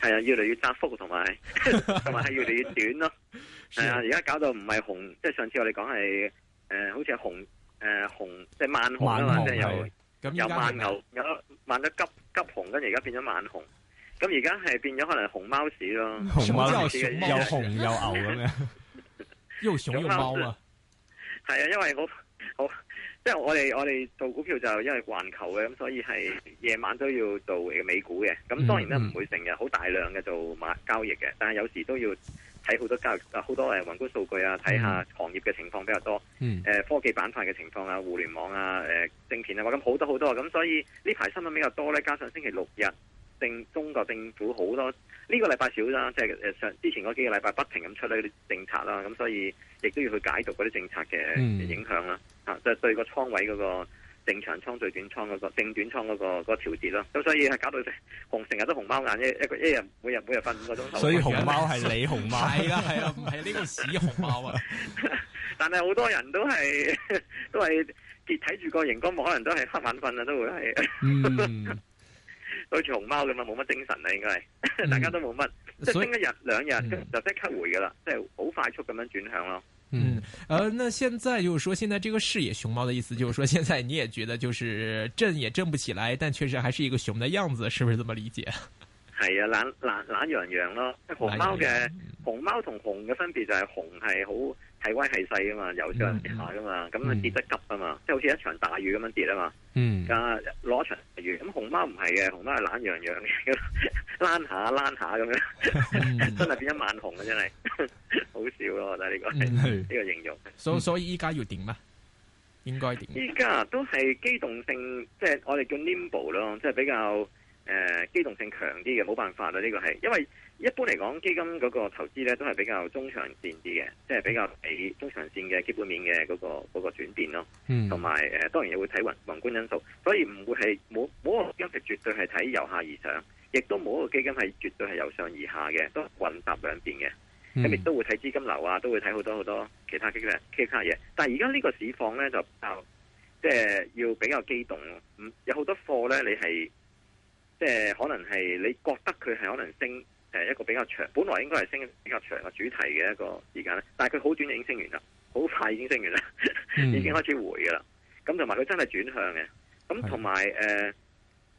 係啊，越嚟越窄幅，同埋同埋係越嚟越短咯。係 啊、呃，而家搞到唔係熊，即係上次我哋講係誒，好似係熊誒、呃、熊，即係慢熊啊嘛，即係、呃、由慢牛、嗯、有慢得急急熊，跟住而家變咗慢熊。咁而家係變咗可能熊貓市，熊貓市咯。有熊貓有又熊又牛咁樣？ 又熊又貓啊？係啊，因為我。我。因為我哋我哋做股票就因為環球嘅，咁所以係夜晚都要做美股嘅。咁當然咧，唔會成日好大量嘅做買交易嘅，但係有時都要睇好多交易，好多誒宏觀數據啊，睇下行業嘅情況比較多。誒科技板塊嘅情況啊，互聯網啊，誒政片啊，咁好多好多。咁所以呢排新聞比較多咧，加上星期六日正中國政府好多。呢、這個禮拜少啦，即係誒上之前嗰幾個禮拜不停咁出呢啲政策啦，咁所以亦都要去解讀嗰啲政策嘅影響啦，即、嗯、就、啊、對個倉位嗰個正長倉、最短倉嗰、個正短倉嗰、個嗰、個調節啦，咁所以係搞到成熊成日都熊貓眼，一個一個一日每日每日瞓五個鐘頭，所以熊貓係你熊貓，係啦，係啊，唔係呢個屎熊貓啊， 但係好多人都係都係睇住個熒光幕，可能都係瞌眼瞓啊，都會係。嗯 對住熊貓咁啊，冇乜精神啦，應該係，大家都冇乜、嗯，即係升一日兩日就即刻回噶啦，即係好快速咁樣轉向咯。嗯，誒、呃，那現在就是說，現在這個視野熊貓的意思，就是說，現在你也覺得就是震也震不起來，但確實還是一個熊的樣子，是不是這麼理解？係啊，懶懶懶洋洋咯，即係熊貓嘅熊貓同熊嘅分別就係熊係好。係威係勢噶嘛，有上跌下噶嘛，咁、嗯、啊、嗯、跌得急啊嘛，嗯、即係好似一場大雨咁樣跌啊嘛，啊、嗯、攞場大雨，咁熊貓唔係嘅，熊貓係懶洋洋嘅，躝 下躝下咁樣，真係變咗萬紅啊真係，好少咯，真係呢、嗯、 個呢、嗯這個形容。所以所以依家要點啊？應該點？依家都係機動性，即、就、係、是、我哋叫 nimble 咯，即係比較。誒、呃，機動性強啲嘅，冇辦法啦，呢、這個係，因為一般嚟講，基金嗰個投資咧都係比較中長線啲嘅，即係比較比中長線嘅基本面嘅嗰、那個、那個轉變咯，同埋誒，當然又會睇宏宏觀因素，所以唔會係冇冇個基金係絕對係睇由下而上，亦都冇個基金係絕對係由上而下嘅，都混搭兩邊嘅，咁亦都會睇資金流啊，都會睇好多好多其他嘅其他嘢，但係而家呢個市況咧就比較就即、是、係要比較機動咯，有好多貨咧你係。即係可能係你覺得佢係可能升，誒一個比較長，本來應該係升比較長嘅主題嘅一個時間咧，但係佢好短已經升完啦，好快已經升完啦，嗯、 已經開始回㗎啦。咁同埋佢真係轉向嘅。咁同埋誒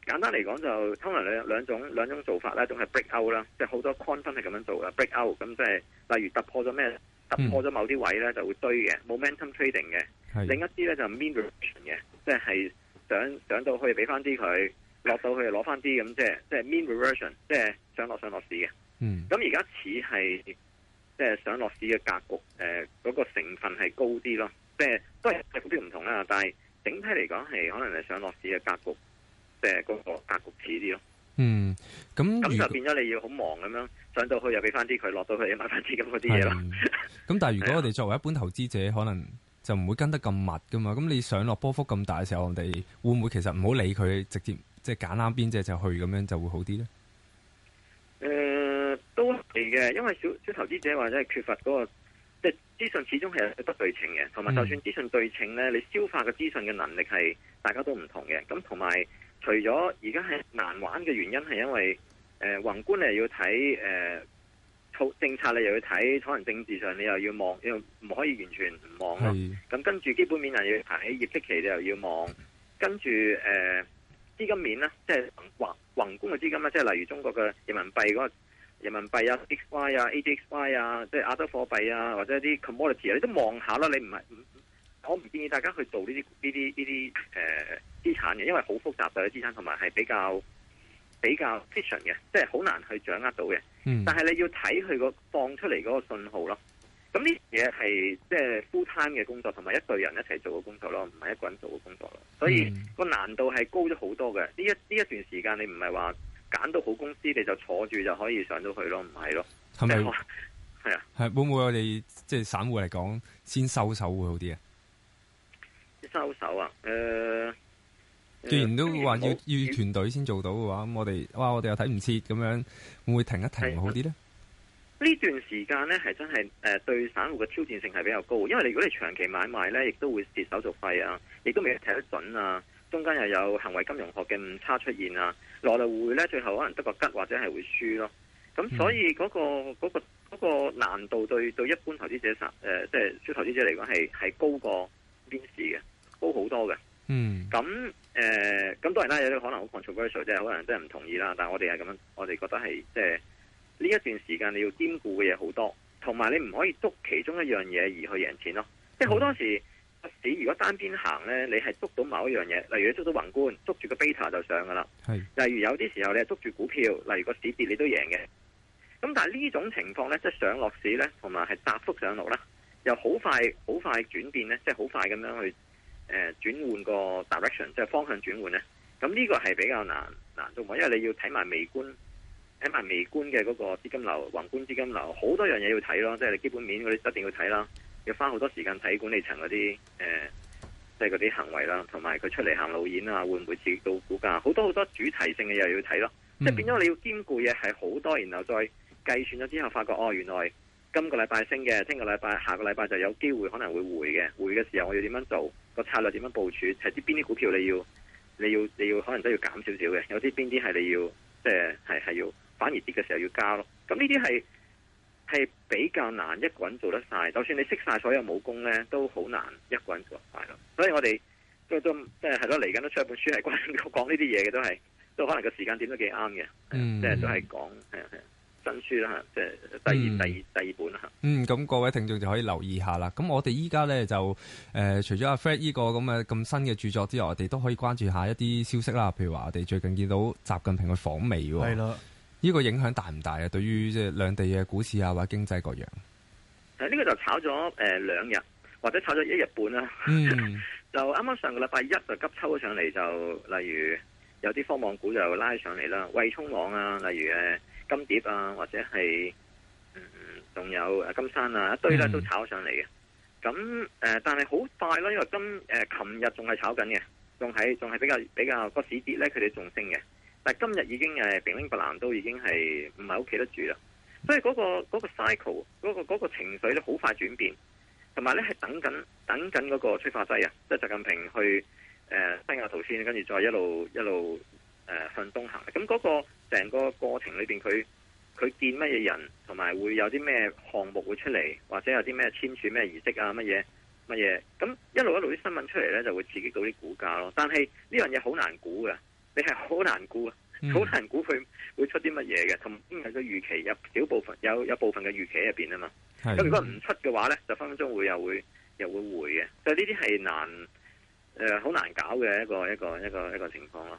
簡單嚟講就通常兩兩種兩種做法啦，一種係 breakout 啦，即係好多 coin 分係咁樣做嘅 breakout，咁即、就、係、是、例如突破咗咩、嗯、突破咗某啲位咧就會堆嘅，冇、嗯、momentum trading 嘅。另一啲咧就係、mean reversal 嘅，即係想上到去俾翻啲佢。落到去攞翻啲咁，即係即係 mean reversion，即係上落上落市嘅。咁而家似係即係上落市嘅格局，誒嗰個成分係高啲咯，即係都係一啲唔同啦、啊。但係整體嚟講，係可能係上落市嘅格局，即係嗰個格局似啲咯。嗯，咁咁就變咗你要好忙咁樣上到去又俾翻啲佢，落到去又買翻啲咁嗰啲嘢咯。咁但係如果我哋作為一般投資者， 可能就唔會跟得咁密噶嘛。咁你上落波幅咁大嘅時候，我哋會唔會其實唔好理佢，直接？即係揀啱邊隻就去咁樣就會好啲咧。誒、呃，都係嘅，因為小小投資者或者係缺乏嗰、那個，即係資訊始終係不對稱嘅，同埋就算資訊對稱咧，你消化嘅資訊嘅能力係大家都唔同嘅。咁同埋，除咗而家係難玩嘅原因係因為，誒、呃、宏觀你又要睇，誒、呃，措政策你又要睇，可能政治上你又要望，又唔可以完全唔望咯。咁跟住基本面又要行睇，業績期你又要望，跟住誒。呃資金面咧，即係宏宏觀嘅資金啦，即係例如中國嘅人民幣嗰個、那個、人民幣啊，X Y 啊，ADXY 啊，即係亞洲貨幣啊，或者啲 commodity 啊，你都望下啦。你唔係，我唔建議大家去做呢啲呢啲呢啲誒資產嘅，因為好複雜對啲資產，同埋係比較比較 vision 嘅，即係好難去掌握到嘅、嗯。但係你要睇佢個放出嚟嗰個信號咯。咁呢嘢係即係 full time 嘅工作，同埋一隊人一齊做嘅工作咯，唔係一個人做嘅工作咯。所以個難度係高咗好多嘅。呢一呢一段時間，你唔係話揀到好公司，你就坐住就可以上到去咯，唔係咯？係、嗯、咪？係、就、啊、是，係會唔會我哋即係散戶嚟講，先收手會好啲啊？收手啊？誒、呃，既然都話要、呃、要團隊先做到嘅話，咁我哋哇，我哋又睇唔切咁樣，會唔會停一停好啲咧？呢段時間咧，係真係誒對散戶嘅挑戰性係比較高，因為你如果你長期買賣呢，亦都會蝕手續費啊，亦都未睇得準啊，中間又有行為金融學嘅誤差出現啊，下來來回回呢，最後可能得個吉或者係會輸咯。咁所以嗰、嗰個嗰、嗯，嗰個嗰個嗰個難度對對一般投資者實即係小投資者嚟講係係高過邊市嘅，高好多嘅。嗯。咁誒咁當然啦，有啲可能好 controversial，即係可能真係唔同意啦。但係我哋係咁樣，我哋覺得係即係。即係呢一段時間你要兼顧嘅嘢好多，同埋你唔可以捉其中一樣嘢而去贏錢咯。即係好多時市如果單邊行呢，你係捉到某一樣嘢，例如你捉到宏觀，捉住個 beta 就上噶啦。係，例如有啲時候你係捉住股票，例如個市跌你都贏嘅。咁但係呢種情況呢，即係上落市呢，同埋係搭幅上落啦，又好快好快轉變呢，即係好快咁樣去誒、呃、轉換個 direction，即係方向轉換呢。咁呢個係比較難難做，因為你要睇埋微觀。睇埋微觀嘅嗰個資金流、宏觀資金流，好多樣嘢要睇咯，即係你基本面嗰啲一定要睇啦，要花好多時間睇管理層嗰啲，誒、呃，即係嗰啲行為啦，同埋佢出嚟行路演啊，會唔會刺激到股價？好多好多主題性嘅嘢要睇咯，嗯，即係變咗你要兼顧嘢係好多，然後再計算咗之後，發覺哦，原來今個禮拜升嘅，聽個禮拜、下個禮拜就有機會可能會回嘅，回嘅時候我要點樣做？個策略點樣部署？係啲邊啲股票你要、你要、你要、你要可能都要減少少嘅，有啲邊啲係你要，即係係係要。反而跌嘅時候要加咯，咁呢啲係係比較難，一個人做得晒。就算你識晒所有武功咧，都好難一個人做得晒咯。所以我哋都都即係係咯，嚟緊都出一本書係關講呢啲嘢嘅，都係都可能個時間點都幾啱嘅，即係都係講係係新書啦即係第二、嗯、第二第二本啦嗯，咁各位聽眾就可以留意一下啦。咁我哋依家咧就誒、呃，除咗阿 Fred 呢個咁嘅咁新嘅著作之外，我哋都可以關注一下一啲消息啦。譬如話我哋最近見到習近平去訪美喎，係咯。呢、這個影響大唔大啊？對於即係兩地嘅股市啊，或者經濟各樣，誒、這、呢個就炒咗誒兩日，或者炒咗一日半啦、嗯。 就啱啱上個禮拜一就急抽咗上嚟，就例如有啲科網股就拉上嚟啦，慧聰網啊，例如誒、呃、金蝶啊，或者係仲、嗯、有誒金山啊，一堆咧都炒咗上嚟嘅。咁、嗯、誒、呃，但係好快啦，因為今誒琴日仲係炒緊嘅，仲係仲係比較比較個市跌咧，佢哋仲升嘅。但今日已經誒，冰靈伯蘭都已經係唔喺屋企得住啦，所以嗰、那個嗰、那個 cycle，嗰、那個那個情緒咧好快轉變呢，同埋咧係等緊等緊嗰個催化劑啊，即、就、係、是、習近平去誒西雅圖先，跟住再一路一路誒向東行。咁嗰個成個過程裏面，佢佢見乜嘢人，同埋會有啲咩項目會出嚟，或者有啲咩簽署咩儀式啊，乜嘢乜嘢，咁一路一路啲新聞出嚟咧，就會刺激到啲股價咯。但係呢樣嘢好難估嘅。你係好難估啊！好難估佢會出啲乜嘢嘅，同埋個預期有少部分有有部分嘅預期喺入邊啊嘛。咁如果唔出嘅話咧，就分分鐘會又會又會回嘅。就呢啲係難誒，好難搞嘅一個一個一個一個情況咯。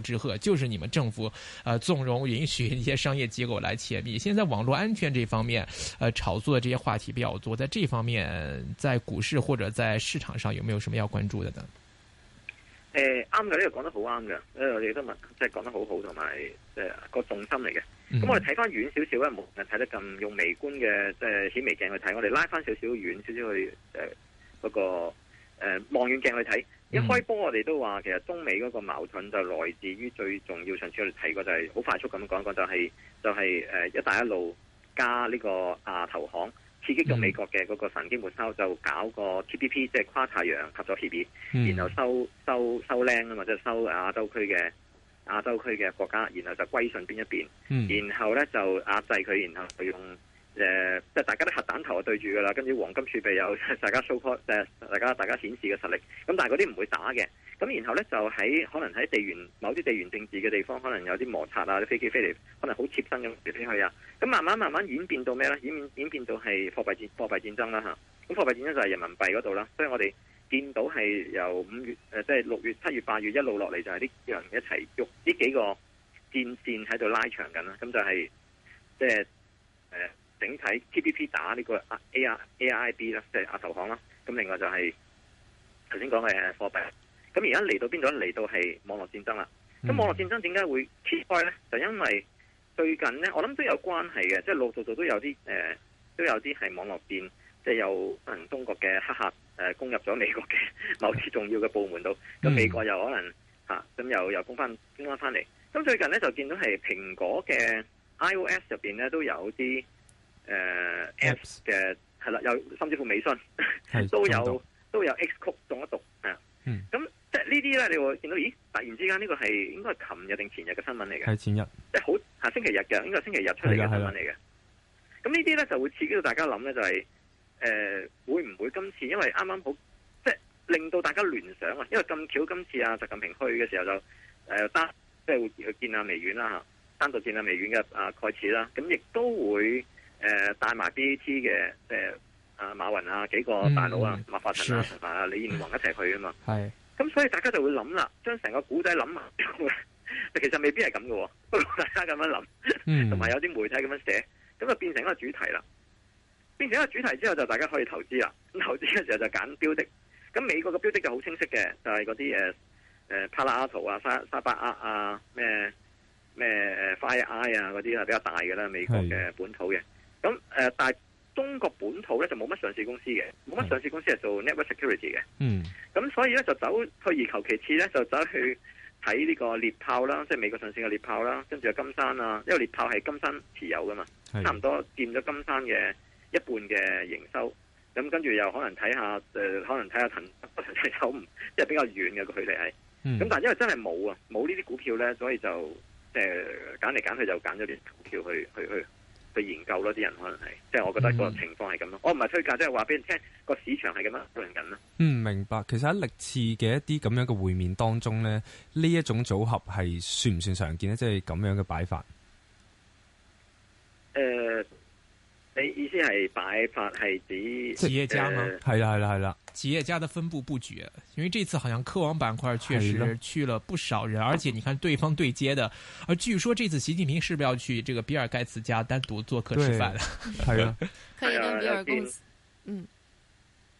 之後就是你們政府，呃縱容允許一些商業機構來竊密。現在網絡安全這方面，呃炒作的這些話題比較多。在這方面，在股市或者在市場上，有沒有什麼要關注的呢？誒啱嘅，呢個講得好啱嘅，我哋都問即係講得好好，同埋即係個重心嚟嘅。咁，嗯，我哋睇翻遠少少咧，冇睇得咁用微觀嘅，即係顯微鏡去睇。我哋拉翻少少遠少少去，誒嗰個誒望遠鏡去睇。嗯、一開波我哋都話，其實中美嗰個矛盾就來自於最重要上次我哋提過，就係好快速咁講講，就係就係誒一帶一路加呢、這個亞投行刺激咗美國嘅嗰個神經末梢，就搞個 TPP，即係跨太平洋合作協議 b、嗯、然後收收收靚啊嘛，即係收亞洲區嘅亞洲區嘅國家，然後就歸順邊一邊，嗯、然後咧就壓制佢，然後用。誒，即係大家啲核彈頭對住噶啦，跟住黃金儲備有大家 support，大家大家顯示嘅實力。咁但係嗰啲唔會打嘅。咁然後呢，就喺可能喺地緣某啲地緣政治嘅地方，可能有啲摩擦啊，啲飛機飛嚟，可能好貼身咁飛去啊。咁慢慢慢慢演變到咩呢？演演變到係貨幣戰貨幣戰爭啦嚇。咁貨幣戰爭就係人民幣嗰度啦。所以我哋見到係由五月即係六月、七月、八月一路落嚟，就係啲人一齊喐呢幾個戰線喺度拉長緊啦。咁就係即係誒。整體 T.P.P. 打呢個 A.I.I.B. 啦，即係亞投行啦。咁另外就係頭先講嘅貨幣。咁而家嚟到邊度？嚟到係網絡戰爭啦。咁網絡戰爭點解會 heat up 咧？就因為最近咧，我諗都有關係嘅，即係陸陸續續都有啲誒、呃，都有啲係網絡戰，即、就、係、是、有可能中國嘅黑客誒、呃、攻入咗美國嘅某啲重要嘅部門度，咁美國又可能嚇咁、嗯啊、又又攻翻翻翻嚟。咁最近咧就見到係蘋果嘅 I.O.S. 入邊咧都有啲。誒、uh,，Apps 嘅係啦，有甚至乎微信都有都有 X 曲中一毒啊。咁、嗯嗯、即係呢啲咧，你會見到咦，突然之間呢個係應該係琴日定前日嘅新聞嚟嘅，係前日即係好下星期日嘅，應該係星期日出嚟嘅新聞嚟嘅。咁呢啲咧就會刺激到大家諗咧，就係、是、誒、呃、會唔會今次因為啱啱好即係令到大家聯想啊。因為咁巧今次啊，習近平去嘅時候就誒單、呃、即係會去見阿微軟啦吓，單獨見阿微軟嘅啊蓋茨啦，咁亦都會。誒、呃，帶埋 BAT 嘅，即、呃、係馬雲啊，幾個大佬啊，嗯、馬化騰啊，同埋李彥宏一齊去啊嘛。係，咁所以大家就會諗啦，將成個古仔諗下。 其實未必係咁嘅，不如大家咁樣諗，同、嗯、埋有啲媒體咁樣寫，咁就變成一個主題啦。變成一個主題之後，就大家可以投資啦。咁投資嘅時候就揀標的，咁美國嘅標的就好清晰嘅，就係嗰啲誒誒帕拉阿圖啊、沙沙巴 a 啊、咩咩誒 FireEye 啊嗰啲啊，比較大嘅啦，美國嘅本土嘅。咁誒，但中國本土咧就冇乜上市公司嘅，冇乜上市公司係做 network security 嘅。嗯。咁所以咧就走退而求其次咧，就走去睇呢個獵豹啦，即係美國上市嘅獵豹啦，跟住有金山啊，因為獵豹係金山持有噶嘛，差唔多佔咗金山嘅一半嘅營收。咁跟住又可能睇下、呃、可能睇下騰，走唔即係比較遠嘅距離係。咁、嗯、但係因為真係冇啊，冇呢啲股票咧，所以就即係揀嚟揀去就揀咗啲股票去去去。去去研究咯，啲人可能係，即係我覺得個情況係咁咯。我唔係推介，即係話俾人聽個市場係咁啦，最近啦。嗯，明白。其實喺歷次嘅一啲咁樣嘅會面當中咧，呢一種組合係算唔算常見咧？即係咁樣嘅擺法。誒、呃。你意思係擺法係指企業家嗎？係、呃、啦，係啦，係啦，企業家的分布布局，因為這次好像科網板塊確實去了不少人，而且你看對方對接的，而據說這次習近平是不是要去這個比爾蓋茨家單獨做客吃飯？係啊，係啊。嗯，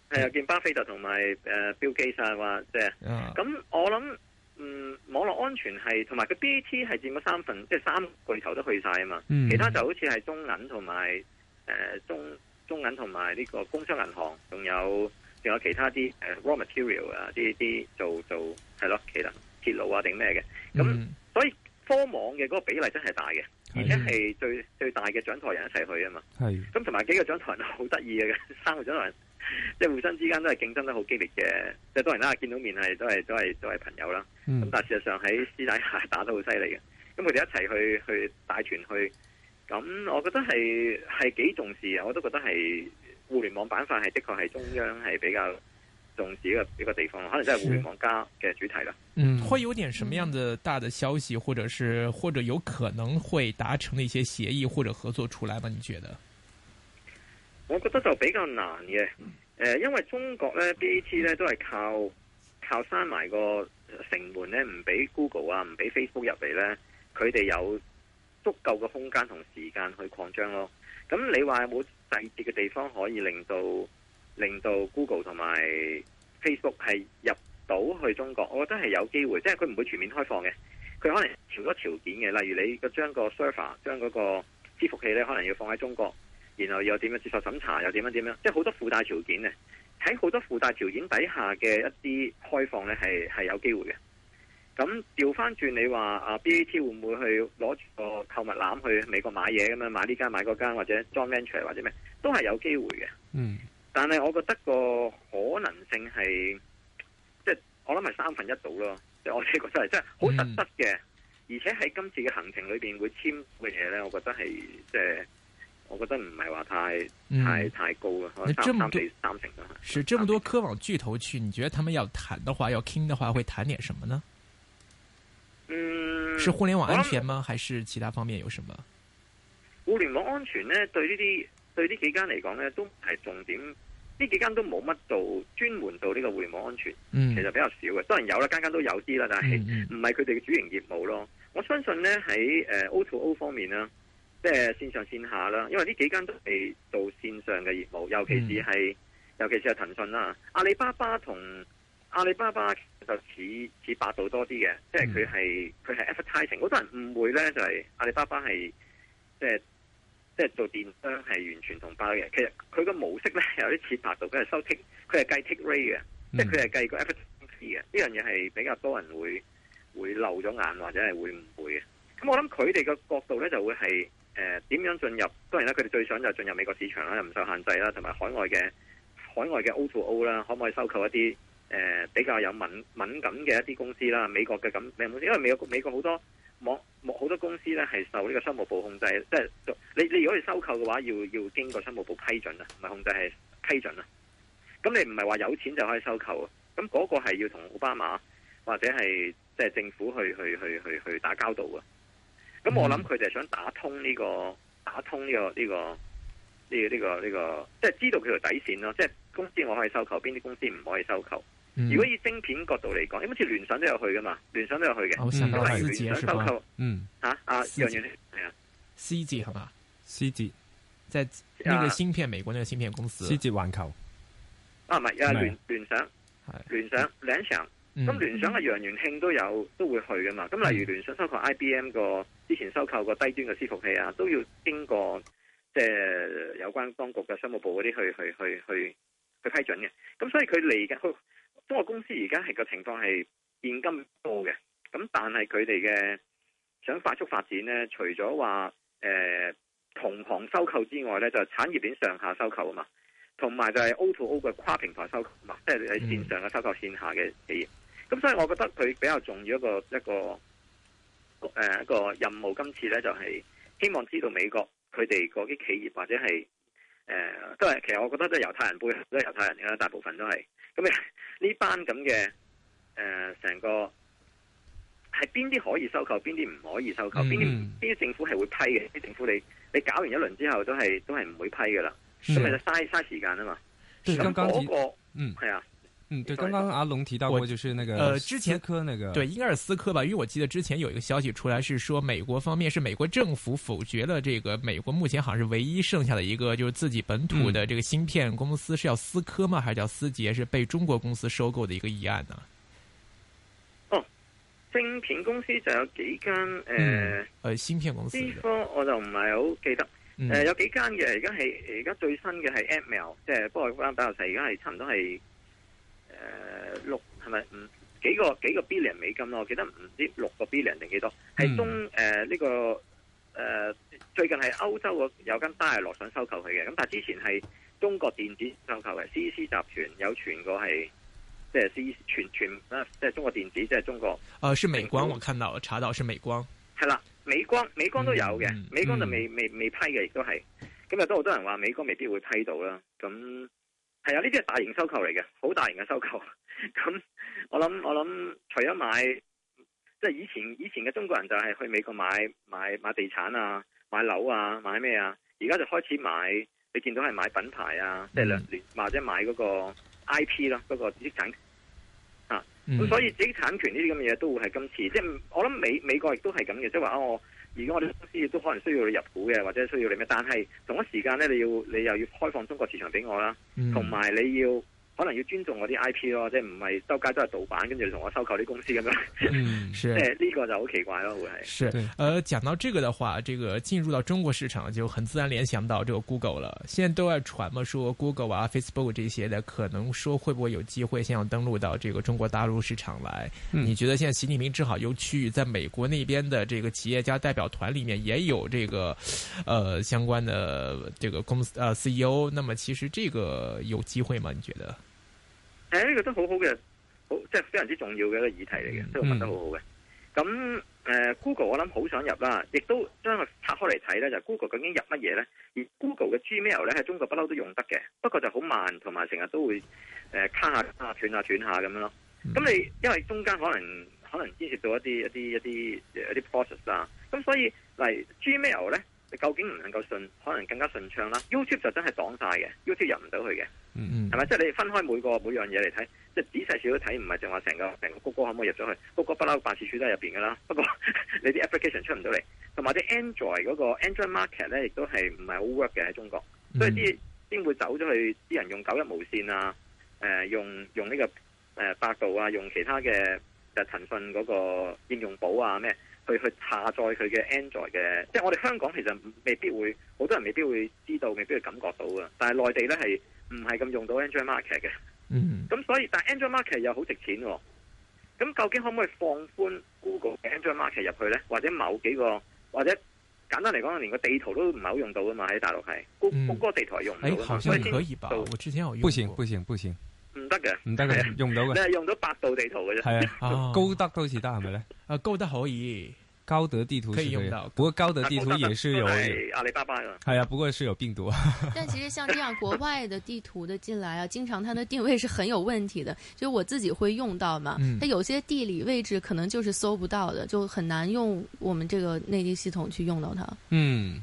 係又見巴菲特同埋誒比爾蓋茨話即係，咁、呃啊、我諗嗯網絡安全係同埋個 B T 係佔咗三分，即係三巨頭都去晒啊嘛，其他就好似係中銀同埋。誒、呃、中中銀同埋呢個工商銀行，仲有仲有其他啲誒、呃、raw material 做做其他啊，啲啲做做係咯，鐵路鐵路啊定咩嘅？咁、嗯、所以科網嘅嗰個比例真係大嘅，而且係最最大嘅掌舵人一齊去啊嘛。係咁同埋幾個掌舵人好得意嘅，三個掌舵人即係互相之間都係競爭得好激烈嘅。即係當然啦，見到面係都係都係都係朋友啦。咁、嗯、但係事實上喺私底下打得好犀利嘅。咁佢哋一齊去去帶團去。咁、嗯、我覺得係係幾重視啊！我都覺得係互聯網板塊係的確係中央係比較重視嘅一個個地方，可能真係互聯網加嘅主題啦。嗯，會有點什麼樣嘅大的消息，或者是或者有可能會達成一些協議或者合作出來吧，你覺得？我覺得就比較難嘅，誒、呃，因為中國咧，B A T 咧都係靠靠閂埋個城門咧，唔俾 Google 啊，唔俾 Facebook 入嚟咧，佢哋有。足夠嘅空間同時間去擴張咯。咁你話有冇細節嘅地方可以令到令到 Google 同埋 Facebook 係入到去中國？我覺得係有機會，即係佢唔會全面開放嘅。佢可能調咗條件嘅，例如你個將個 server 將嗰個伺服器咧，可能要放喺中國，然後又點樣接受審查，又點樣點樣，即係好多附帶條件嘅。喺好多附帶條件底下嘅一啲開放咧，係係有機會嘅。咁調翻轉，你話啊，BAT 會唔會去攞個購物籃去美國買嘢咁樣買呢間買嗰間或者 join venture 或者咩，都係有機會嘅。嗯，但係我覺得個可能性係即係我諗係三分一到咯，即係我覺得係即係好實質嘅。而且喺今次嘅行程裏邊會簽嘅嘢咧，我覺得係即係我覺得唔係話太、嗯、太太高啊、嗯。你這麼多三成是，是，是這麼多科網巨頭去，你覺得他們要談的話，要傾的話，會談點什麼呢？嗯，是互聯網安全嗎？還是其他方面有什麼？互聯網安全呢？對呢啲對呢幾間嚟講呢，都係重點。呢幾間都冇乜做專門做呢個互聯網安全，嗯、其實比較少嘅。當然有啦，間間都有啲啦，但係唔係佢哋嘅主營業務咯。嗯嗯、我相信呢，喺誒 O to O 方面啦，即係線上線下啦，因為呢幾間都係做線上嘅業務，尤其是係、嗯、尤其是係騰訊啦、阿里巴巴同。阿里巴巴就似似百度多啲嘅，即係佢係佢係 advertising。好多人誤會咧，就係、是、阿里巴巴係即係即係做電商係完全同百度嘅。其實佢個模式咧有啲似百度，佢係收 take，佢係計 take rate 嘅、嗯，即係佢係計個 advertising 嘅。呢樣嘢係比較多人會會漏咗眼或者係會誤會嘅。咁我諗佢哋嘅角度咧就會係誒點樣進入？當然啦，佢哋最想就係進入美國市場啦，又唔受限制啦，同埋海外嘅海外嘅 O to O 啦，可唔可以收購一啲？誒、呃、比較有敏敏感嘅一啲公司啦，美國嘅咁，因為美國美國好多網好多公司咧係受呢個商務部控制，即係你你如果要收購嘅話，要要經過商務部批准啊，唔係控制係批准啊。咁你唔係話有錢就可以收購啊？咁嗰個係要同奧巴馬或者係即係政府去去去去去打交道啊。咁我諗佢哋係想打通呢個打通呢個呢個呢個呢個，即係知道佢條底線咯，即係公司我可以收購，邊啲公司唔可以收購。嗯、如果以晶片角度嚟講，因為好似聯想都有去噶嘛，聯想都有去嘅。咁係聯想上收購，嗯，吓啊楊元慶係啊，思捷係嘛？思捷即係呢個芯片，美國呢個芯片公司。思捷環球啊，唔係又聯聯想，係聯想兩場。咁聯想嘅、嗯、楊元慶都有都會去噶嘛？咁例如聯想收購 IBM 個之前收購個低端嘅伺服器啊，都要經過即係、呃、有關當局嘅商務部嗰啲去去去去去，去批准嘅。咁所以佢嚟嘅。中國公司而家係個情況係現金多嘅，咁但係佢哋嘅想快速發展呢，除咗話誒同行收購之外呢，就係產業鏈上下收購啊嘛，同埋就係 O to O 嘅跨平台收購，唔係即係喺線上嘅收購線下嘅企業。咁、mm -hmm. 所以我覺得佢比較重要一個一個誒、呃、一個任務。今次呢，就係希望知道美國佢哋嗰啲企業或者係誒都係其實我覺得都係猶太人背後都係猶太人噶啦，大部分都係。呢班咁嘅，誒、呃，成個係邊啲可以收購，邊啲唔可以收購？邊啲邊啲政府係會批嘅？啲政府你你搞完一輪之後都係都係唔會批噶啦，咁、嗯、咪就嘥、是、嘥時間啊嘛！咁嗰、嗰個，嗯，係啊。嗯，對，剛剛阿龍提到過，就是那個、那個，呃，之前科那個，對，應該是思科吧，因為我記得之前有一個消息出來，是說美國方面是美國政府否決了這個美國目前好像是唯一剩下的一個，就是自己本土的這個芯片公司，是要思科嗎，還是叫思傑，是被中國公司收購的一個議案呢、啊？哦，芯片公司就有幾間，誒、呃，誒、嗯呃，芯片公司思科、這個、我就唔係好記得，誒、嗯呃，有幾間嘅，而家係，而家最新嘅係 Atmel 即係不過間比較細，而家係差唔多係。誒、呃，六係咪五幾個幾個 billion 美金咯？我記得唔知六個 billion 定幾多，係、嗯、中誒呢、呃這個誒、呃、最近係歐洲有間大 u 想收購佢嘅，咁但係之前係中國電子收購嘅，CC 集團有傳過係即係 C 全個是、就是、全啊，即係中國電子，即係中國。啊、呃，是美光，我看到查到是美光，係啦，美光美光都有嘅、嗯，美光就未、嗯、未未,未批嘅，亦都係，咁有都好多人話美光未必會批到啦，咁。係啊，呢啲係大型收購嚟嘅，好大型嘅收購。咁 我諗我諗，除咗買，即係以前以前嘅中國人就係去美國買買買地產啊，買樓啊，買咩啊？而家就開始買，你見到係買品牌啊，即係兩聯或者買嗰個 I P 咯、啊，嗰個知識產、mm. 啊、產權啊。咁所以知識產權呢啲咁嘅嘢都會係今次。即係我諗美美國亦都係咁嘅，即係話啊我。而家我哋公司亦都可能需要你入股嘅，或者需要你咩？但係同一時間咧，你要你又要開放中國市場俾我啦，同、嗯、埋你要。可能要尊重我啲 IP 咯，即係唔係周街都係盜版，跟住同我收購啲公司咁樣，即係呢個就好奇怪咯，會係。是，呃，講到這個的話，這個進入到中國市場，就很自然聯想到這個 Google 了。現在都在傳嘛，說 Google 啊、Facebook 這些的，可能說會不會有機會先要登陸到這個中國大陸市場來？嗯、你覺得現在習近平正好由去在美國那邊的這個企業家代表團裏面也有這個，呃，相關的這個公司，呃，CEO。CEO，那麼其實這個有機會嗎？你覺得？誒、哎、呢、這個都很好好嘅，好即係非常之重要嘅一個議題嚟嘅，都問得很好好嘅。咁誒、呃、Google 我諗好想入啦，亦都將佢拆開嚟睇咧，就係、Google 究竟入乜嘢咧？而 Google 嘅 Gmail 咧，喺中國不嬲都用得嘅，不過就好慢，同埋成日都會誒、呃、卡下卡下斷下斷下咁樣咯。咁你、嗯、因為中間可能可能牽涉到一啲一啲一啲一啲 process 啊，咁所以嚟 Gmail 咧。究竟唔能夠順，可能更加順暢啦。YouTube 就真係擋晒嘅，YouTube 入唔到去嘅，係、嗯、咪？即、嗯、係、就是、你分開每個每樣嘢嚟睇，即係仔細少少睇唔係，淨話成個成個谷歌可唔可以入咗去？谷歌不嬲個辦事處都喺入邊噶啦。不過 你啲 application 出唔到嚟，同埋啲 Android 嗰、嗰個 Android market 咧，亦都係唔係好 work 嘅喺中國，所以啲、嗯、先會走咗去。啲人用九一無線啊，誒、呃，用用呢、呢個誒、呃、百度啊，用其他嘅。就騰訊嗰個應用寶啊咩，去去下載佢嘅 Android 嘅，即係我哋香港其實未必會，好多人未必會知道，未必會感覺到嘅。但係內地咧係唔係咁用到 Android Market 嘅。咁、嗯、所以，但係 Android Market 又好值錢喎、哦。咁究竟可唔可以放寬 Google 嘅 Android Market 入去咧？或者某幾個，或者簡單嚟講，連個地圖都唔係好用到啊嘛？喺大陸係，谷歌地圖用唔到嘅、嗯嗯哎、可以吧？我之前有用過，不行不行不行。不行不行。唔得嘅，用唔到嘅。你、嗯、係用到百度地圖嘅啫。係啊，高德都好似得係咪咧？啊、嗯，高德可以，高德地圖可以，可以用到。不過高德地圖也是有阿里巴巴嘅。哎、啊、呀、啊，不過是有病毒。但其實像這樣 國外的地圖的進來啊，經常它的定位是很有問題的。就我自己會用到嘛、嗯，它有些地理位置可能就是搜不到的，就很難用我們這個內地系統去用到它。嗯。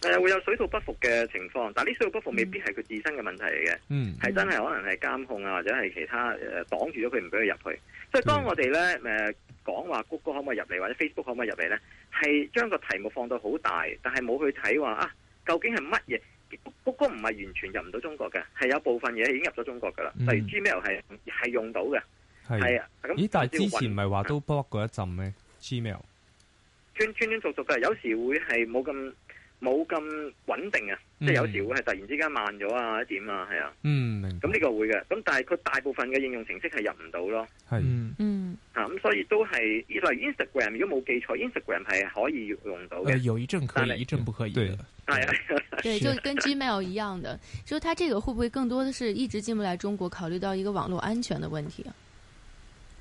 誒，會有水土不服嘅情況，但係呢水土不服未必係佢自身嘅問題嚟嘅，係、嗯、真係可能係監控啊，或者係其他誒擋住咗佢唔俾佢入去。所以當我哋咧誒講話谷歌可唔可以入嚟，或者 Facebook 可唔可以入嚟咧，係將個題目放到好大，但係冇去睇話啊，究竟係乜嘢？谷歌唔係完全入唔到中國嘅，係有部分嘢已經入咗中國噶啦、嗯。例如 Gmail 係係用到嘅，係啊。咦？但係之前唔係話都 block 過一陣咩、嗯、？Gmail 斷斷斷續續嘅，有時會係冇咁。冇咁穩定啊，嗯、即係有時會係突然之間慢咗啊，一點啊，係啊。嗯，明。咁呢個會嘅，咁但係佢大部分嘅應用程式係入唔到咯。嗯嗯。啊，咁所以都係例如 Instagram，如果冇記錯，Instagram 係可以用到嘅、呃。有一陣可以，一陣不可以。對，係啊，對、啊， 就跟 Gmail 一樣嘅，就佢這個會不會更多的是一直進不來中國？考慮到一個網絡安全嘅問題啊。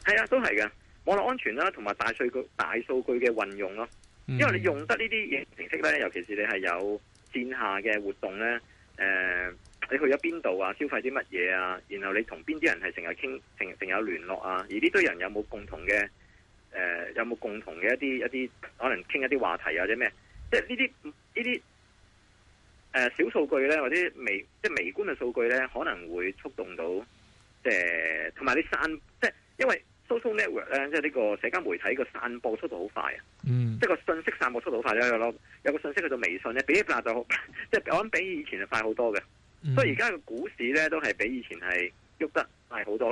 係啊，都係嘅，網絡安全啦、啊，同埋大數據、大數據嘅運用咯、啊。因為你用得呢啲嘢程式咧，尤其是你係有線下嘅活動咧，誒、呃，你去咗邊度啊，消費啲乜嘢啊，然後你同邊啲人係成日傾，成成有聯絡啊，而呢堆人有冇共同嘅誒、呃，有冇共同嘅一啲一啲可能傾一啲話題啊，或者咩？即係呢啲呢啲誒小數據咧，或者微即係微觀嘅數據咧，可能會觸動到即係同埋啲散，即係因為。Social network 咧，即係呢個社交媒體個散播速度好快啊、嗯！即係個信息散播速度好快咧，有個有個信息叫做微信咧，比嗱就好即係 我諗比以前就快好多嘅，嗯。所以而家嘅股市咧，都係比以前係喐得。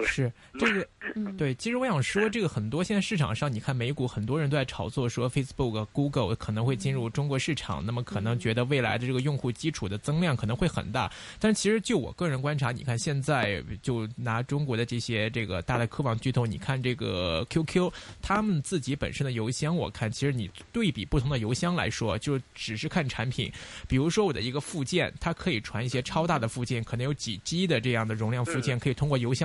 是，這個對。其實我想說，這個很多現在市場上，你看美股很多人都在炒作說 Facebook、Google 可能會進入中國市場，那麼可能覺得未來的這個用戶基礎的增量可能會很大。但其實就我個人觀察，你看現在就拿中國的這些這個大的科網巨頭，你看這個 QQ，他們自己本身的郵箱，我看其實你對比不同的郵箱來說，就只是看產品，比如說我的一個附件，它可以傳一些超大的附件，可能有幾 G 的這樣的容量附件，可以通過郵箱。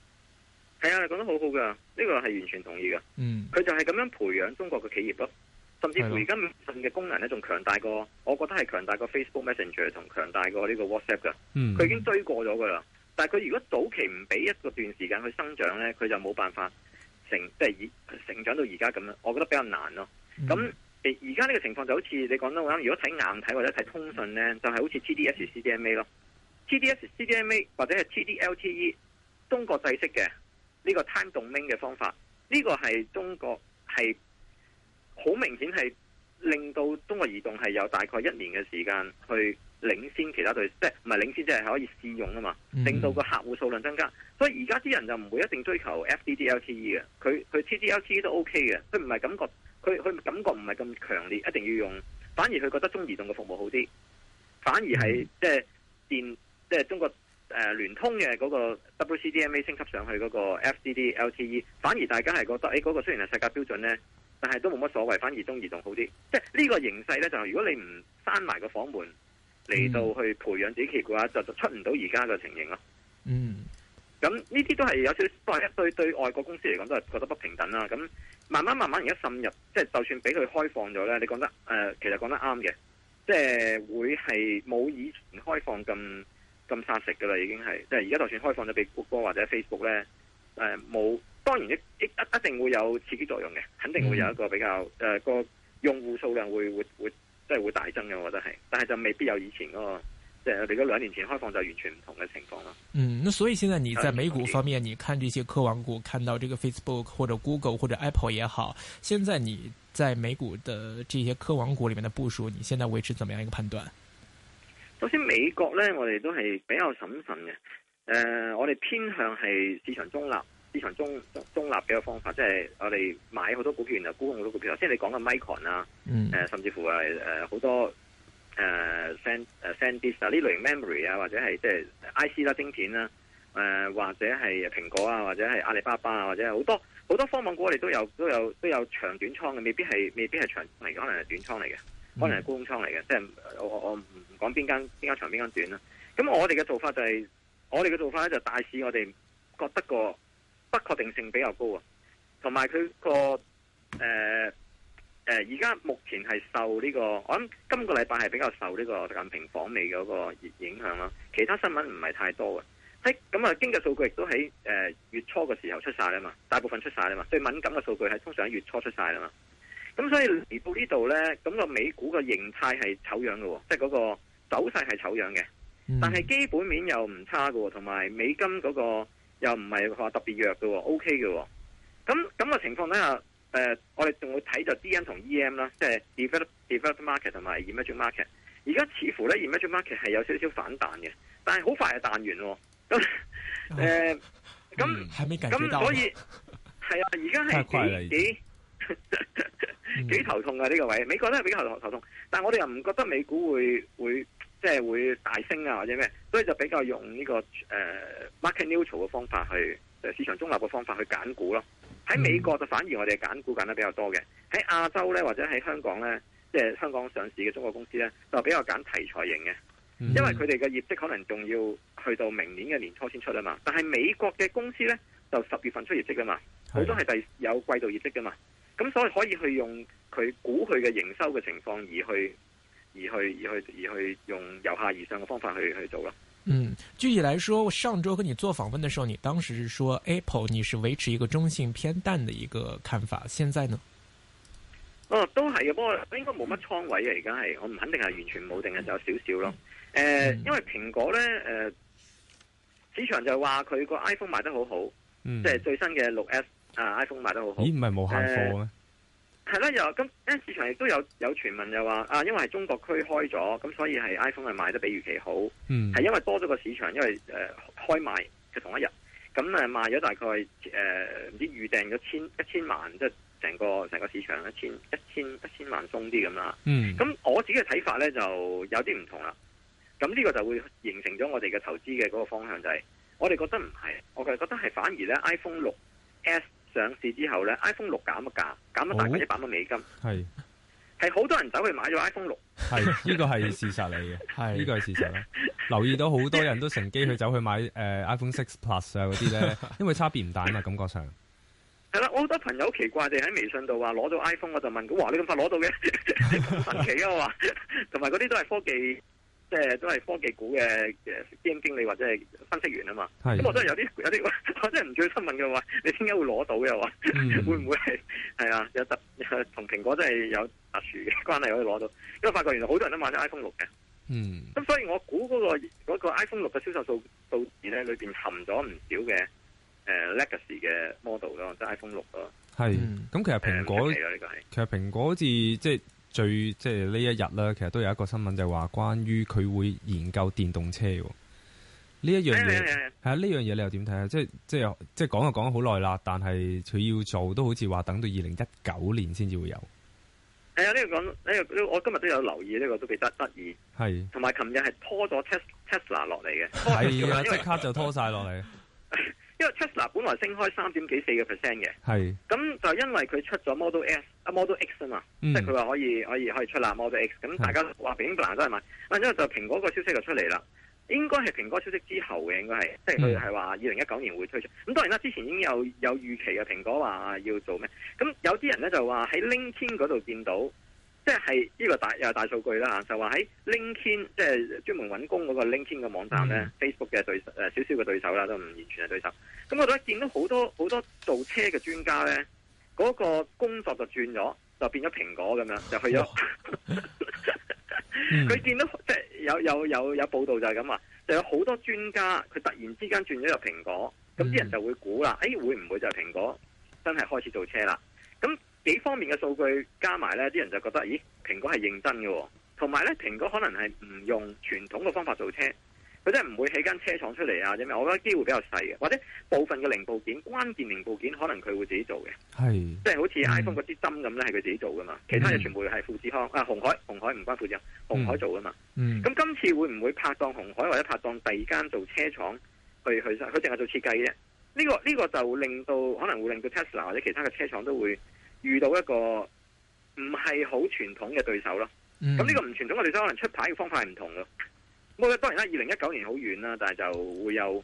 係啊，你講得好好噶，呢個係完全同意嘅。嗯，佢就係咁樣培養中國嘅企業咯，甚至乎微信嘅功能咧，仲強大過，我覺得係強大過 Facebook Messenger 同強大過呢個 WhatsApp 噶。佢、嗯、已經追過咗噶啦。但係佢如果早期唔俾一個段時間去生長咧，佢就冇辦法成，即、就、係、是、成長到而家咁樣。我覺得比較難咯。咁而而家呢個情況就好似你講得啱，如果睇硬體或者睇通訊咧，就係、是、好似 T D S C D M A 咯，T D S C D M A 或者係 T D L T E，中國制式嘅。呢、這個 Time Domain 嘅方法，呢、這個係中國係好明顯係令到中國移動係有大概一年嘅時間去領先其他隊，即係唔係領先，即係可以試用啊嘛。令到個客戶數量增加，所以而家啲人就唔會一定追求 FDD LTE 嘅，佢佢 TD LTE 都 OK 嘅，佢唔係感覺，佢佢感覺唔係咁強烈，一定要用，反而佢覺得中移動嘅服務好啲，反而係、嗯、即係電，即係中國。誒、呃、聯通嘅嗰 WCDMA 升級上去嗰個 FDD LTE，反而大家係覺得誒嗰、欸那個雖然係世界標準呢，但係都冇乜所謂，反而中移仲好啲。即係呢個形勢呢，就係如果你唔閂埋個房門嚟到去培養自己企業嘅話、嗯，就出唔到而家嘅情形咯。嗯，咁呢啲都係有少少對，對，對外國公司嚟講都係覺得不平等啦、啊。咁慢慢慢慢而家滲入，即、就、係、是、就算俾佢開放咗呢，你覺得誒、呃、其實講得啱嘅，即、就、係、是、會係冇以前開放咁。金沙食嘅啦，已經係即係而家就算開放咗俾谷歌或者 Facebook 咧，誒冇，當然一一一定會有刺激作用嘅，肯定會有一個比較誒個用戶數量會會會即係會大增嘅，我覺得係，但係就未必有以前嗰個，即係你嗰兩年前開放就完全唔同嘅情況咯。嗯，那所以現在你在美股方面，你看這些科網股，看到這個 Facebook 或者 Google 或者 Apple 也好，現在你在美股的這些科網股裏面的部署，你現在維持怎麼樣一個判斷？首先美國咧，我哋都係比較審慎嘅。誒、呃，我哋偏向係市場中立、市場中中立嘅一個方法，即係我哋買好多股票，然後沽好多股票。先你講嘅 Micron 啊、嗯呃，甚至乎係好多、呃、San 誒 SanDisk 啊呢類 memory 啊，或者係即係 IC 啦、啊、晶片啦、啊呃，或者係蘋果啊，或者係阿里巴巴啊，或者係好多好多方榜股，我哋都有都有都有長短倉嘅，未必係未必係長嚟可能係短倉嚟嘅。可能係沽空倉嚟嘅，即、就、係、是、我我我唔講邊間邊間長邊間短啦。咁我哋嘅做法就係、是，我哋嘅做法咧就是大市我哋覺得個不確定性比較高啊，同埋佢個誒誒而家目前係受呢、這個，我諗今個禮拜係比較受呢個近平訪美嗰個影響咯。其他新聞唔係太多嘅，喺咁啊經濟數據亦都喺誒、呃、月初嘅時候出晒啊嘛，大部分出晒啊嘛，最敏感嘅數據係通常喺月初出晒啊嘛。咁所以嚟到呢度咧，咁、那個美股個形態係醜樣嘅，即係嗰個走勢係醜樣嘅、嗯。但係基本面又唔差嘅，同埋美金嗰個又唔係話特別弱嘅，OK 嘅。咁咁個情況底下，誒、呃，我哋仲會睇就 D M 同 E M 啦，即係 developed, developed market 同埋 emerging market。而家似乎咧 emerging market 係有少少反彈嘅，但係好快就彈完。咁誒，咁咁所以係啊，而家係跌。嗯 幾 頭痛啊！呢、這個位美國都係比較頭痛，但係我哋又唔覺得美股會會即係、就是、會大升啊，或者咩，所以就比較用呢、這個誒、呃、market neutral 嘅方法去、就是、市場中立嘅方法去揀股咯。喺美國就反而我哋揀股揀得比較多嘅。喺亞洲呢，或者喺香港呢，即、就、係、是、香港上市嘅中國公司呢，就比較揀題材型嘅，因為佢哋嘅業績可能仲要去到明年嘅年初先出啊嘛。但係美國嘅公司呢，就十月份出業績噶嘛，好多係第有季度業績噶嘛。咁所以可以去用佢估佢嘅營收嘅情況，而去而去而去而去用由下而上嘅方法去去做咯。嗯，具體來說，我上周跟你做訪問嘅時候，你當時是說 Apple，你是維持一個中性偏淡嘅一個看法。現在呢？哦，都係嘅，不過應該冇乜倉位啊。而家係我唔肯定係完全冇定、嗯，就有少少咯。誒、呃，因為蘋果咧，誒、呃，市場就話佢個 iPhone 賣得好好，即、嗯、係最新嘅六 S。啊！iPhone 賣得好好，咦？唔係無限貨咩？係、呃、啦，又咁，啲市場亦都有有傳聞就話啊，因為係中國區開咗，咁所以係 iPhone 係賣得比預期好。嗯，係因為多咗個市場，因為誒、呃、開賣嘅同一日，咁、嗯、誒賣咗大概誒唔知預訂咗千一千萬，即係成個成個市場一千一千一千萬鬆啲咁啦。嗯，咁我自己嘅睇法咧就有啲唔同啦。咁呢個就會形成咗我哋嘅投資嘅嗰個方向，就係、是、我哋覺得唔係，我係覺得係反而咧 iPhone 六 S。上市之後咧，iPhone 六減咗價，減咗大概一百蚊美金。係係好多人走去買咗 iPhone 六。係呢個係事實嚟嘅，係呢個係事實啦。留意到好多人都乘機去走去買誒、呃、iPhone Six Plus 啊嗰啲咧，因為差別唔大啊嘛 感覺上。係啦，我好多朋友奇怪地喺微信度話攞到 iPhone，我就問：哇，你咁快攞到嘅？神奇啊！我話同埋嗰啲都係科技。即係都係科技股嘅誒經經理或者係分析員啊嘛，咁我都係有啲有啲我真係唔追新聞嘅話，你點解會攞到嘅話？嗯、會唔會係係啊有特同蘋果真係有特殊嘅關係可以攞到？因為發覺原來好多人都買咗 iPhone 六嘅，咁、嗯、所以我估嗰、嗰個嗰個 iPhone 六嘅銷售數數字咧，裏邊含咗唔少嘅誒、呃、legacy 嘅 model 咯，即係 iPhone 六咯。係、嗯、咁、呃這個，其實蘋果其實蘋果好似即係。最即係呢一日咧，其實都有一個新聞就係話，關於佢會研究電動車喎。呢一樣嘢係啊，呢樣嘢你又點睇啊？即即即，即講就講咗好耐啦，但係佢要做都好似話等到二零一九年先至會有。係啊，呢、呢個講呢、呢個、呢個、我今日都有留意，呢、呢個都幾得得意。係。同埋琴日係拖咗 Tesla 落嚟嘅，係啊，即刻就拖晒落嚟。 因為 Tesla 本來升開三點幾四個 percent 嘅，係，咁就因為佢出咗 Model S、啊 Model X 啊嘛，即係佢話可以可以可以出啦 Model X，咁大家話蘋果都係買，之後就蘋果個消息就出嚟啦，應該係蘋果消息之後嘅，應該係，即係佢係話二零一九年會推出，咁當然啦，之前已經有有預期嘅蘋果話要做咩，咁有啲人咧就話喺 LinkedIn 嗰度見到。即係呢個大又大數據啦，就話喺 LinkedIn 即係專門揾工嗰個 LinkedIn 嘅網站呢、嗯、Facebook 嘅對手，誒少少嘅對手啦，都唔完全係對手。咁我都見到好多好多做車嘅專家呢，嗰、嗰個工作就轉咗，就變咗蘋果咁樣，就去咗。佢見、 嗯、到即係、就是、有有有有報道就係咁啊，就有好多專家佢突然之間轉咗入蘋果，咁啲人就會估啦，誒、嗯欸、會唔會就係蘋果真係開始做車啦？咁。幾方面嘅數據加埋呢，啲人就覺得，咦，蘋果係認真嘅，喔，同埋呢，蘋果可能係唔用傳統嘅方法造車，佢真係唔會起間車廠出嚟啊！因為我覺得機會比較細嘅，或者部分嘅零部件、關鍵零部件可能佢會自己做嘅，係即係好似 iPhone 嗰支針咁呢，係、嗯、佢自己做噶嘛，其他嘢全部係富士康、嗯、啊，紅海紅海唔關富士啊，紅海做噶嘛。嗯，咁今次會唔會拍檔紅海或者拍檔第二間造車廠去去佢淨係做設計啫。呢、呢個呢、呢個就令到可能會令到 Tesla 或者其他嘅車廠都會。遇到一個唔係好傳統嘅對手咯，咁呢個唔傳統嘅對手可能出牌嘅方法係唔同嘅。不過當然啦，二零一九年好遠啦，但係就會有。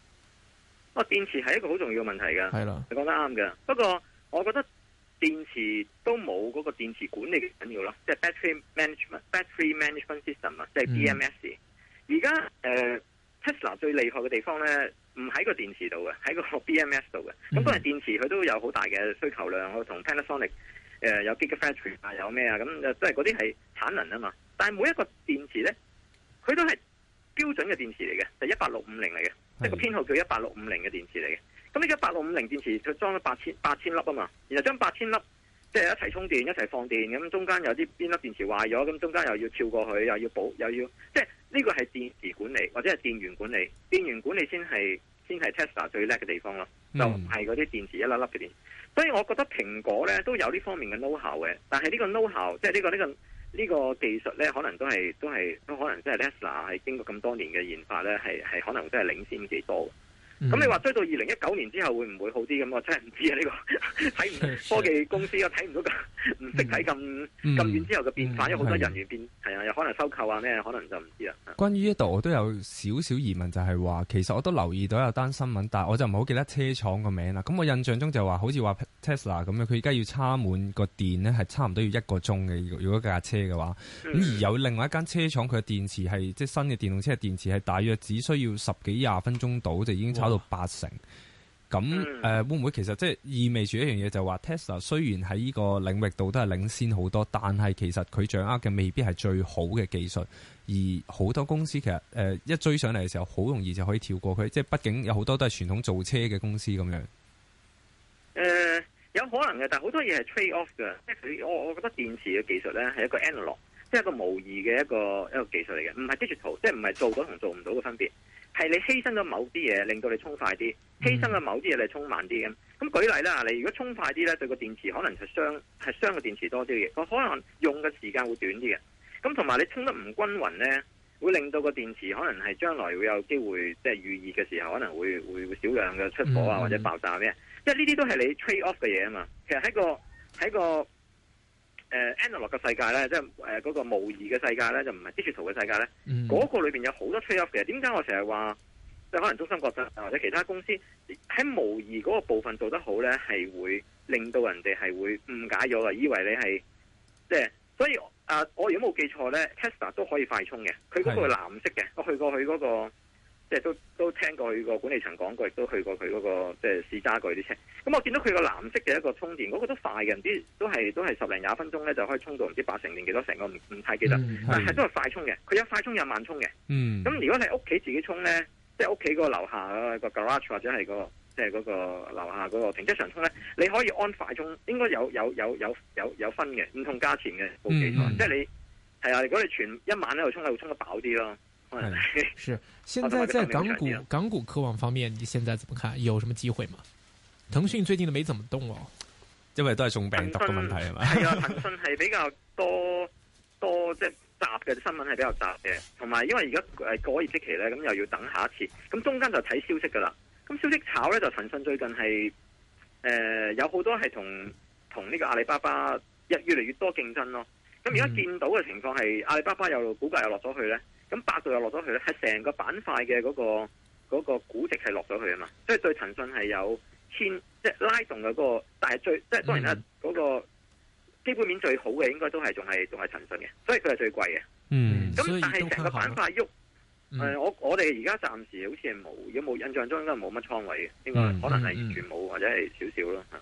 哦，電池係一個好重要嘅問題噶，係咯，你講得啱噶。不過我覺得電池都冇嗰個電池管理嘅緊要咯，即係 Battery Management、Battery Management System 啊，即係 BMS。而家誒 Tesla 最厲害嘅地方咧，唔喺個電池度嘅，喺個 BMS 度嘅。咁都係電池佢都有好大嘅需求量，我同 Panasonic 誒、呃、有 GigaFactory 啊，有咩啊，咁誒係嗰啲係產能啊嘛。但係每一個電池咧，佢都係標準嘅電池嚟嘅，就一八六五零嚟嘅。即、這、係個編號叫一八六五零嘅電池嚟嘅，咁呢一八六五零電池佢裝咗八千八千粒啊嘛，然後將八千粒即係一齊充電一齊放電，咁中間有啲邊粒電池壞咗，咁中間又要跳過去又要補又要，即係呢、這個係電池管理或者係電源管理，電源管理先係先係 Tesla 最叻嘅地方咯，就唔係嗰啲電池一粒粒嘅電，所以我覺得蘋果咧都有呢方面嘅 know how 嘅，但係呢個 know how 即係呢個呢個。這個呢、這個技術咧，可能都係都係都可能即係 Tesla 係經過咁多年嘅研發咧，係係可能即係領先幾多。咁、嗯、你話追到二零一九年之後會唔會好啲，咁我真係唔知啊！呢、這個睇唔科技公司又睇唔到，咁唔識睇，咁咁遠之後嘅變化，有好多人員變，係、嗯、啊，有可能收購啊咩，可能就唔知啦。關於呢度我都有少少疑問，就係、是、話其實我都留意到有單新聞，但係我就唔好記得車廠個名啦。咁我印象中就話好似話 Tesla 咁樣，佢而家要差滿個電呢，係差唔多要一個鐘嘅，如果架車嘅話。咁、嗯、而有另外一間車廠，佢嘅電池係即係新嘅電動車嘅電池係大約只需要十幾廿分鐘到就已經差到八成咁誒，會唔會其實即係、就是、意味住一樣嘢，就係話 Tesla 雖然喺呢個領域度都係領先好多，但係其實佢掌握嘅未必係最好嘅技術，而好多公司其實誒一追上嚟嘅時候，好容易就可以跳過佢。即係畢竟有好多都係傳統造車嘅公司咁樣。誒、呃，有可能嘅，但係好多嘢係 trade off 嘅，即係佢我我覺得電池嘅技術咧係一個 analog，即係一個模擬嘅一個一個技術嚟嘅，唔係 digital，即係唔係做，做到同做唔到嘅分別。係你犧牲咗某啲嘢，令到你充快啲；犧牲咗某啲嘢你充慢啲嘅。咁舉例啦，你如果充快啲呢，對個電池可能係傷係傷個電池多啲嘅。佢可能用嘅時間會短啲嘅。咁同埋你充得唔均匀呢，會令到個電池可能係將來會有機會，即係預熱嘅時候，可能會會少量嘅出火啊或者爆炸咩？即係呢啲都係你 trade off 嘅嘢啊嘛。其實喺個喺個。在一個誒、uh, analog 嘅世界咧，即係誒嗰個模擬嘅世界咧、mm -hmm. 那個，就唔係 digital 嘅世界咧。嗰個裏邊有好多 trade-off 嘅。點解我成日話，即係可能中芯國際或者其他公司喺模擬嗰個部分做得好咧，係會令到人哋係會誤解咗啊，以為你係即係。所以啊，uh, 我如果冇記錯咧 Tesla 都可以快充嘅，佢嗰個係藍色嘅，我去過佢嗰、那個。即係都都聽過佢個管理層講過，亦都去過佢嗰、那個即係試揸過啲車。咁、嗯、我見到佢個藍色嘅一個充電，嗰、那個都快嘅，唔知都係都係十零廿分鐘咧就可以充到唔知八成定幾多成個，唔唔太記得。但、嗯、係、嗯、都係快充嘅，佢有快充有慢充嘅。咁、嗯嗯、如果你屋企自己充咧，即係屋企個樓下個 garage 或者係、那個即係嗰個樓下嗰、那個停車場充咧，你可以安快充，應該有有有有有有分嘅，唔同價錢嘅，冇記錯。即係你係啊、嗯！如果你全一晚喺度充，係會充得飽啲咯。嗯，是。 現在在港股 港股科網方面，你現在怎麼看？有什麼機會嗎？騰訊最近都沒怎麼動哦，因為都係中病毒嘅問題係咪？係啊，騰訊係比較多多即係雜嘅新聞係比較雜嘅，同埋因為而家誒過業績期咧，咁又要等下一次，咁中間就睇消息噶啦。咁消息炒咧就騰訊最近係誒、呃、有好多係同同呢個阿里巴巴越越嚟越多競爭咯。咁而家見到嘅情況係、嗯、阿里巴巴又股價又落咗去咧。咁百度又落咗去咧，係成個板塊嘅嗰個嗰、嗰個估值係落咗去啊嘛，所以對騰訊係有牽即係拉動嘅、嗰個，但係最即係當然啦，嗰個基本面最好嘅應該都係仲係仲係騰訊嘅，所以佢係最貴嘅。嗯，咁但係成個板塊喐，誒、嗯呃，我我哋而家暫時好似係冇，有冇印象中都係冇乜倉位嘅，應、這、該、個、可能係完全冇、嗯、或者係少少咯吓。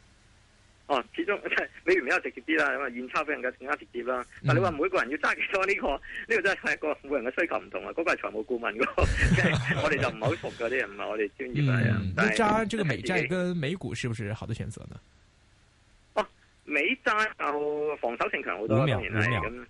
哦，始終即係美元比較直接啲啦，咁啊現鈔俾人家更加直接啦。但係你話每個人要揸幾多呢、這個？呢、這個真係一個每人嘅需求唔同啊。嗰、這個係財務顧問噶，我哋就唔好熟噶啲人，唔係我哋專業啊。揸、嗯、呢個美債跟美股是不是好嘅選擇呢？哦、啊，美債就、啊、防守性強好多，五秒五秒咁。